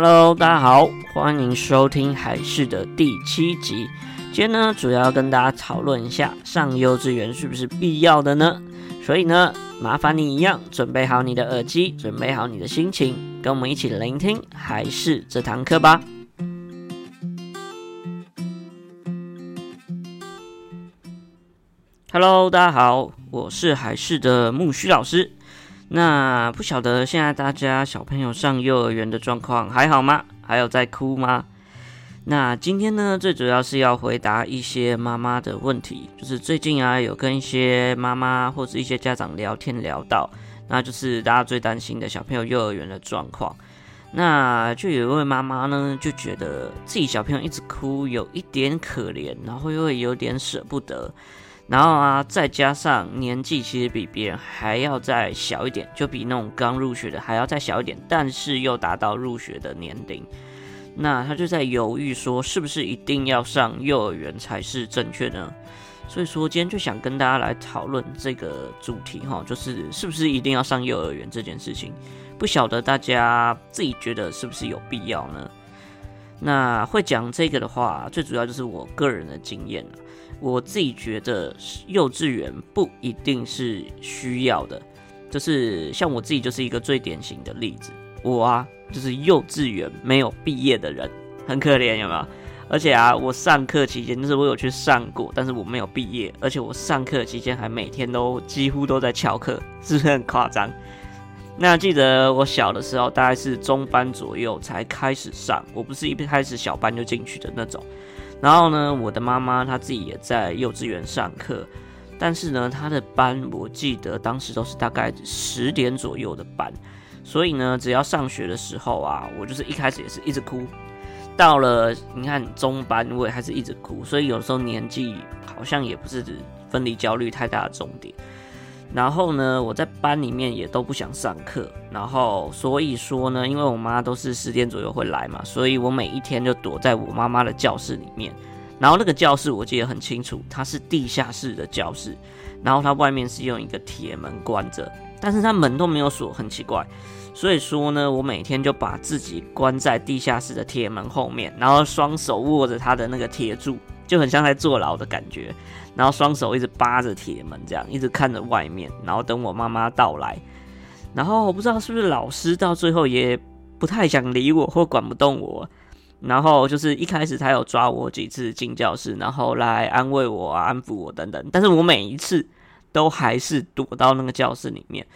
Hello，大家好，歡迎收聽海事的第七集。今天呢，主要，要跟大家討論一下上幼稚園是不是必要的呢？所以呢，麻煩你一樣準備好你的耳機，準備好你的心情，跟我們一起聆聽海事這堂課吧。Hello，大家好，我是海事的木鬚老師。那不曉得現在大家小朋友上幼兒園的狀況還好嗎？還有在哭嗎？那今天呢，最主要是要回答一些媽媽的問題，就是最近啊，有跟一些媽媽或是一些家長聊天聊到，那就是大家最擔心的小朋友幼兒園的狀況。那就有一位媽媽呢，就覺得自己小朋友一直哭，有一點可憐，然後又會有點捨不得。然後啊，再加上年紀其實比別人還要再小一點，就比那種剛入學的還要再小一點，但是又達到入學的年齡，那他就在猶豫說，是不是一定要上幼兒園才是正確呢？所以說今天就想跟大家來討論這個主題哈，就是是不是一定要上幼兒園這件事情，不曉得大家自己覺得是不是有必要呢？那會講這個的話，最主要就是我個人的經驗了。我自己覺得幼稚園不一定是需要的，就是像我自己就是一個最典型的例子，我啊就是幼稚園沒有畢業的人，很可憐，有沒有？而且啊，我上課期間就是我有去上過，但是我沒有畢業，而且我上課期間還每天都幾乎都在翹課，是不是很誇張？那記得我小的時候大概是中班左右才開始上，我不是一開始小班就進去的那種。然後呢，我的媽媽她自己也在幼稚園上課，但是呢，她的班我記得當時都是大概十點左右的班，所以呢，只要上學的時候啊，我就是一開始也是一直哭，到了你看中班我也還是一直哭，所以有的時候年紀好像也不是分離焦慮太大的重點。然後呢，我在班裡面也都不想上課，然後所以說呢，因為我媽都是十點左右會來嘛，所以我每一天就躲在我媽媽的教室裡面。然後那個教室我記得很清楚，它是地下室的教室，然後它外面是用一個鐵門關着，但是它門都沒有鎖，很奇怪。所以說呢，我每天就把自己關在地下室的鐵門後面，然後雙手握着它的那個鐵柱。就很像在坐牢的感覺，然後雙手一直扒着鐵門，這樣一直看着外面，然後等我媽媽到來。然後我不知道是不是老師到最後也不太想理我或管不動我。然後就是一開始他有抓我幾次進教室，然後來安慰我、啊、安撫我等等，但是我每一次都還是躲到那個教室裡面。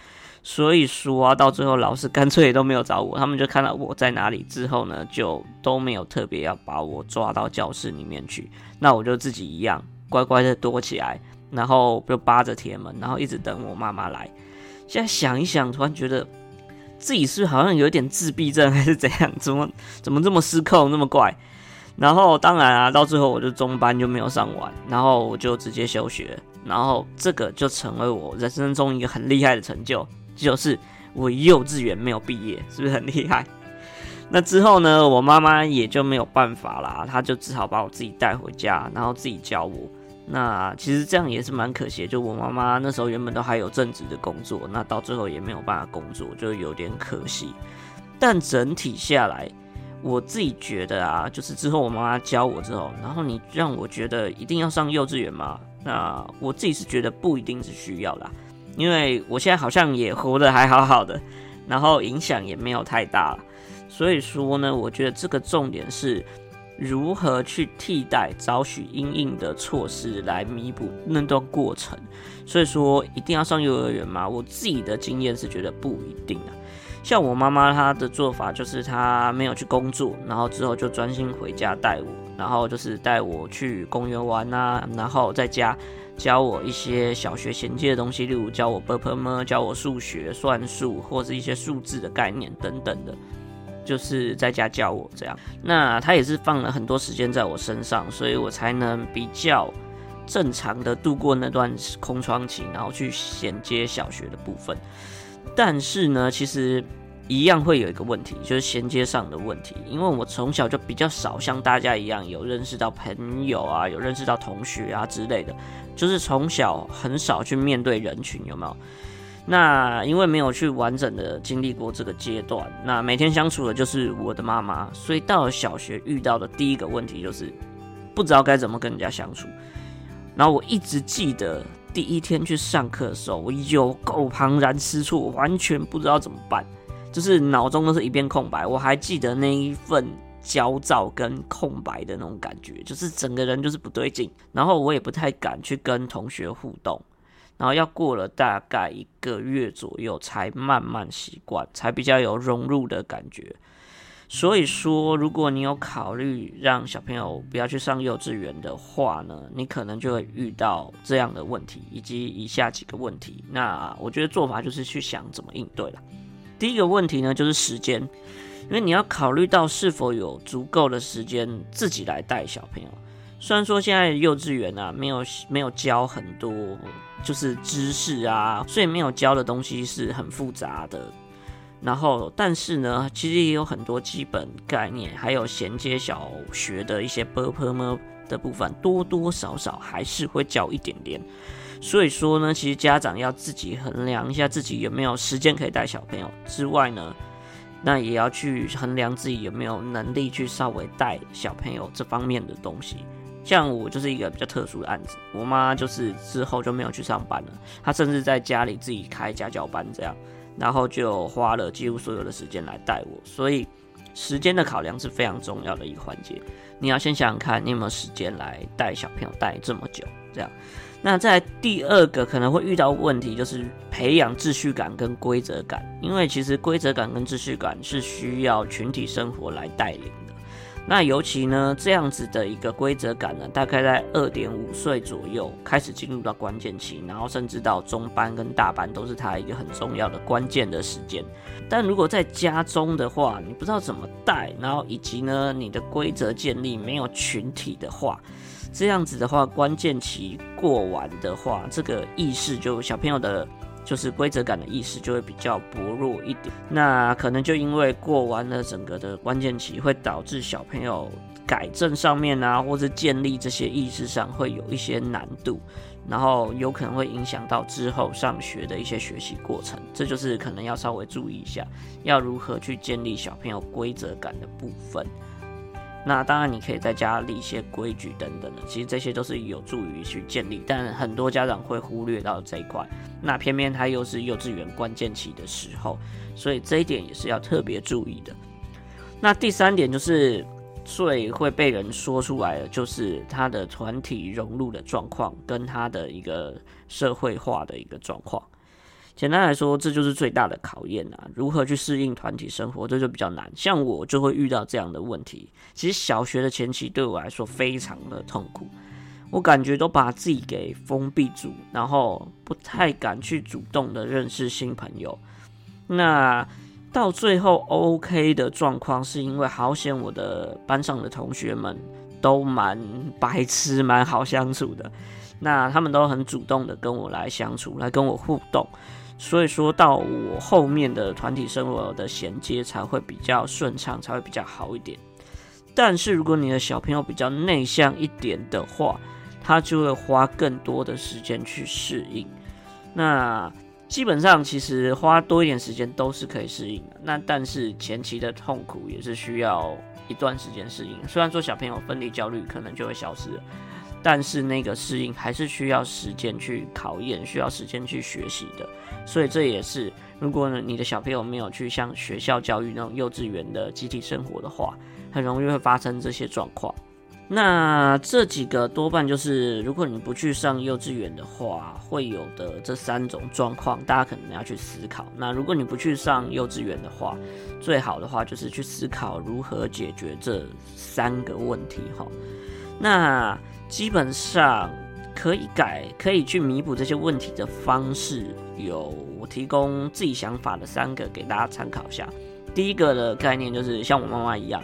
所以說啊，到最後老師乾脆也都沒有找我，他們就看到我在哪裡之後呢，就都沒有特別要把我抓到教室裡面去。那我就自己一樣乖乖的躲起來，然後就扒着鐵門，然後一直等我媽媽來。現在想一想，突然覺得自己是好像有點自閉症還是怎樣？怎麼怎麼這麼失控，那麼怪？然後當然啊，到最後我就中班就沒有上完，然後我就直接休學，然後這個就成為我人生中一個很厲害的成就。就是我幼稚園沒有畢業，是不是很厲害？ 那之後呢，我媽媽也就沒有辦法啦，她就只好把我自己帶回家，然後自己教我。那其實這樣也是蠻可惜的，就我媽媽那時候原本都還有正職的工作，那到最後也沒有辦法工作，就有點可惜。但整體下來，我自己覺得啊，就是之後我媽媽教我之後，然後你讓我覺得一定要上幼稚園嗎？那我自己是覺得不一定是需要啦。因為我現在好像也活得還好好的，然後影響也沒有太大。所以說呢，我覺得這個重點是如何去替代找取因應的措施來彌補那段過程。所以說一定要上幼兒園嗎？我自己的經驗是覺得不一定啊。像我媽媽她的做法就是她沒有去工作，然後之後就專心回家帶我，然後就是帶我去公園玩啊，然後在家。教我一些小學銜接的東西，例如教我 ㄅㄆㄇ，教我數學算術，或是一些數字的概念等等的，就是在家教我這樣。那他也是放了很多時間在我身上，所以我才能比較正常的度過那段空窗期，然後去銜接小學的部分。但是呢，其實。一樣會有一個問題，就是銜接上的問題。因為我從小就比較少像大家一樣有認識到朋友啊，有認識到同學啊之類的，就是從小很少去面對人群，有沒有？那因為沒有去完整的經歷過這個階段，那每天相處的就是我的媽媽，所以到了小學遇到的第一個問題就是不知道該怎麼跟人家相處。然後我一直記得第一天去上課的時候，我有夠徬徨失措，我完全不知道怎麼辦。就是腦中都是一片空白，我還記得那一份焦躁跟空白的那種感覺，就是整個人就是不對勁，然後我也不太敢去跟同學互動，然後要過了大概一個月左右才慢慢習慣，才比較有融入的感覺。所以說，如果你有考慮讓小朋友不要去上幼稚園的話呢，你可能就會遇到這樣的問題，以及以下幾個問題。那我覺得做法就是去想怎麼應對了。第一個問題呢，就是時間，因為你要考慮到是否有足夠的時間自己來帶小朋友。雖然說現在幼稚園啊，沒有沒有教很多就是知識啊，所以沒有教的東西是很複雜的。然後，但是呢，其實也有很多基本概念，還有銜接小學的一些 ㄅㄆㄇ 的部分，多多少少還是會教一點點。所以說呢，其實家長要自己衡量一下自己有沒有時間可以帶小朋友，之外呢，那也要去衡量自己有沒有能力去稍微帶小朋友這方面的東西。像我就是一個比較特殊的案子，我媽就是之後就沒有去上班了，她甚至在家裡自己開家教班這樣，然後就花了幾乎所有的時間來帶我。所以時間的考量是非常重要的一個環節，你要先想想看，你有沒有時間來帶小朋友帶這麼久。這樣，那在第二個可能會遇到問題，就是培養秩序感跟規則感。因為其實規則感跟秩序感是需要群體生活來帶領的。那尤其呢，這樣子的一個規則感呢，大概在二點五歲左右開始進入到關鍵期，然後甚至到中班跟大班都是他一個很重要的關鍵的時間。但如果在家中的話，你不知道怎麼帶，然後以及呢，你的規則建立沒有群體的話。這樣子的話，關鍵期過完的話，這個意識就小朋友的，就是規則感的意識就會比較薄弱一點。那可能就因為過完了整個的關鍵期，會導致小朋友改正上面啊，或是建立這些意識上會有一些難度，然後有可能會影響到之後上學的一些學習過程。這就是可能要稍微注意一下，要如何去建立小朋友規則感的部分。那當然，你可以在家立一些規矩等等的，其實這些都是有助於去建立，但很多家長會忽略到這一塊。那偏偏他又是幼稚園關鍵期的時候，所以這一點也是要特別注意的。那第三點就是最會被人說出來的，就是他的團體融入的狀況跟他的一個社會化的一個狀況。簡單來說，這就是最大的考驗啊！如何去適應團體生活，這就比較難。像我就會遇到這樣的問題。其實小學的前期對我來說非常的痛苦，我感覺都把自己給封閉住，然後不太敢去主動的認識新朋友。那到最後 OK 的狀況，是因為好險我的班上的同學們都蠻白痴、蠻好相處的。那他們都很主動的跟我來相處，來跟我互動。所以說到我後面的團體生活的銜接才會比較順暢，才會比較好一點。但是如果你的小朋友比較內向一點的話，他就會花更多的時間去適應。那基本上其實花多一點時間都是可以適應的。那但是前期的痛苦也是需要一段時間適應。雖然說小朋友分離焦慮可能就會消失了。但是那個適應還是需要時間去考驗，需要時間去學習的，所以這也是，如果呢你的小朋友沒有去像學校教育那種幼稚園的集體生活的話，很容易會發生這些狀況。那這幾個多半就是如果你不去上幼稚園的話，會有的這三種狀況，大家可能要去思考。那如果你不去上幼稚園的話，最好的話就是去思考如何解決這三個問題，哈。那基本上可以改，可以去彌補這些問題的方式有，我提供自己想法的三個給大家參考一下。第一個的概念就是像我媽媽一樣，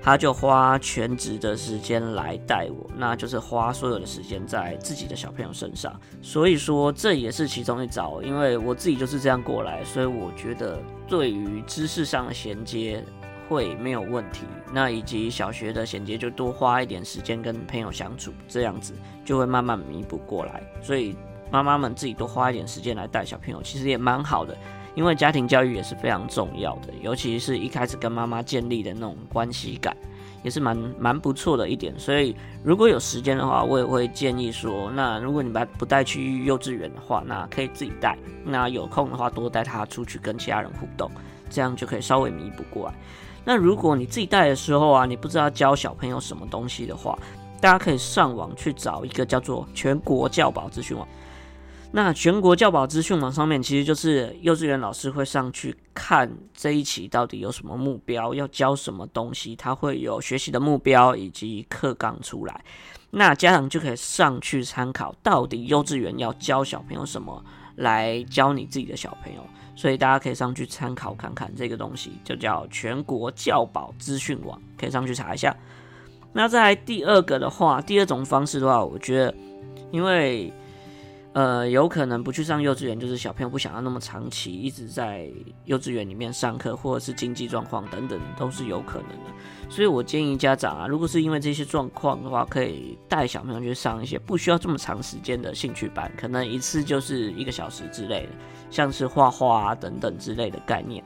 她就花全職的時間來帶我，那就是花所有的時間在自己的小朋友身上。所以說這也是其中一招，因為我自己就是這樣過來，所以我覺得對於知識上的銜接。會沒有問題，那以及小學的銜接就多花一點時間跟朋友相處，這樣子就會慢慢彌補過來。所以媽媽們自己多花一點時間來帶小朋友，其實也蠻好的，因為家庭教育也是非常重要的，尤其是一開始跟媽媽建立的那種關係感，也是蠻蠻不錯的一點。所以如果有時間的話，我也會建議說，那如果你把不帶去幼稚園的話，那可以自己帶，那有空的話多帶他出去跟其他人互動，這樣就可以稍微彌補過來。那如果你自己帶的時候啊，你不知道教小朋友什麼東西的話，大家可以上網去找一個叫做全國教保資訊網。那全國教保資訊網上面其實就是幼稚園老師會上去看這一期到底有什麼目標，要教什麼東西，他會有學習的目標以及課綱出來。那家長就可以上去參考，到底幼稚園要教小朋友什麼，來教你自己的小朋友。所以大家可以上去參考看看這個東西，就叫全國教保資訊網，可以上去查一下。那在第二個的話，第二種方式的話，我覺得，因為。呃，有可能不去上幼稚園，就是小朋友不想要那麼長期一直在幼稚園裡面上課，或者是經濟狀況等等，都是有可能的。所以我建議家長啊，如果是因為這些狀況的話，可以帶小朋友去上一些不需要這麼長時間的興趣班，可能一次就是一個小時之類的，像是畫畫啊等等之類的概念。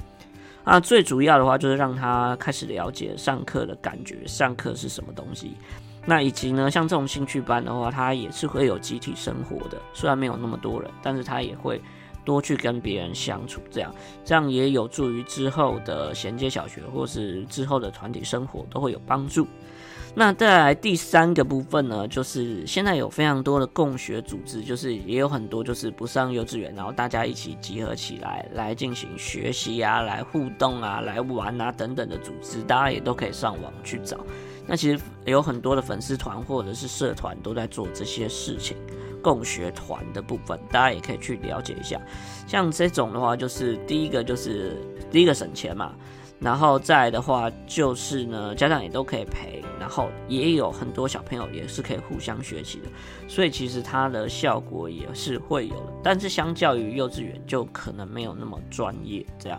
啊，最主要的話就是讓他開始了解上課的感覺，上課是什麼東西。那以及呢，像這種興趣班的話，它也是會有集體生活的，雖然沒有那麼多人，但是它也會多去跟別人相處，這樣這樣也有助於之後的銜接小學或是之後的團體生活，都會有幫助。那再來第三個部分呢，就是現在有非常多的共學組織，就是也有很多就是不上幼稚園，然後大家一起集合起來來進行學習啊，來互動啊，來玩啊等等的組織，大家也都可以上網去找。那其實有很多的粉絲團或者是社團都在做這些事情，共學團的部分，大家也可以去了解一下。像這種的話，就是第一個就是第一個省錢嘛，然後再來的話就是呢，家長也都可以陪，然後也有很多小朋友也是可以互相學習的，所以其實它的效果也是會有的，但是相較於幼稚園就可能沒有那麼專業這樣。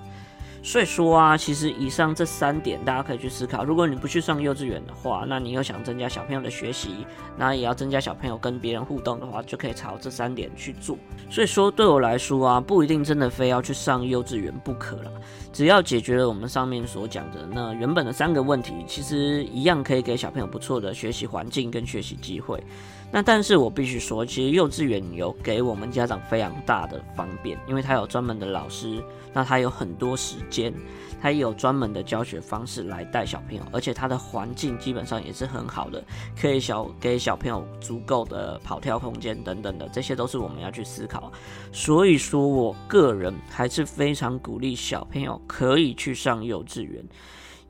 所以說啊，其實以上這三點大家可以去思考。如果你不去上幼稚園的話，那你又想增加小朋友的學習，那也要增加小朋友跟別人互動的話，就可以朝這三點去做。所以說，對我來說啊，不一定真的非要去上幼稚園不可啦。只要解決了我們上面所講的那原本的三個問題，其實一樣可以給小朋友不錯的學習環境跟學習機會。那但是我必須說，其實幼稚園有給我們家長非常大的方便，因為他有專門的老師，那他有很多時間，他也有專門的教學方式來帶小朋友，而且他的環境基本上也是很好的，可以小給小朋友足夠的跑跳空間等等的，這些都是我們要去思考。所以說我個人還是非常鼓勵小朋友可以去上幼稚園。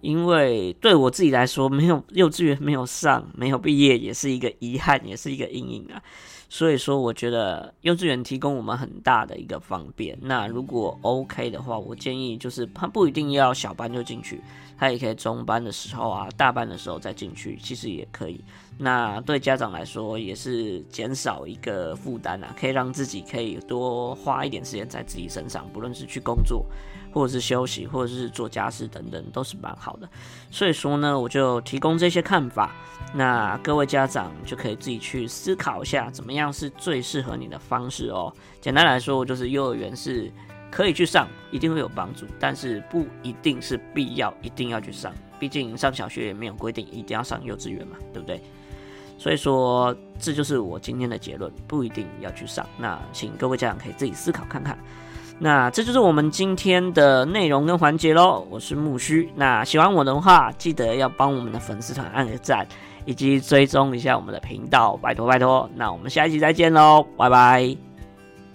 因為對我自己來說，沒有幼稚園沒有上，沒有畢業也是一個遺憾，也是一個陰影啊。所以說，我覺得幼稚園提供我們很大的一個方便。那如果 OK 的話，我建議就是他不一定要小班就進去，他也可以中班的時候啊，大班的時候再進去，其實也可以。那對家長來說也是減少一個負擔啊，可以讓自己可以多花一點時間在自己身上，不論是去工作。或者是休息，或者是做家事等等，都是蠻好的。所以說呢，我就提供這些看法，那各位家長就可以自己去思考一下，怎麼樣是最適合你的方式哦。簡單來說，就是幼兒園是可以去上，一定會有幫助，但是不一定是必要，一定要去上。畢竟上小學也沒有規定一定要上幼稚園嘛，對不對？所以說這就是我今天的結論，不一定要去上。那請各位家長可以自己思考看看。那這就是我們今天的內容跟環節嘍，我是木須。那喜歡我的話，記得要幫我們的粉絲團按個讚，以及追蹤一下我們的頻道，拜託拜託。那我們下一集再見嘍，拜拜。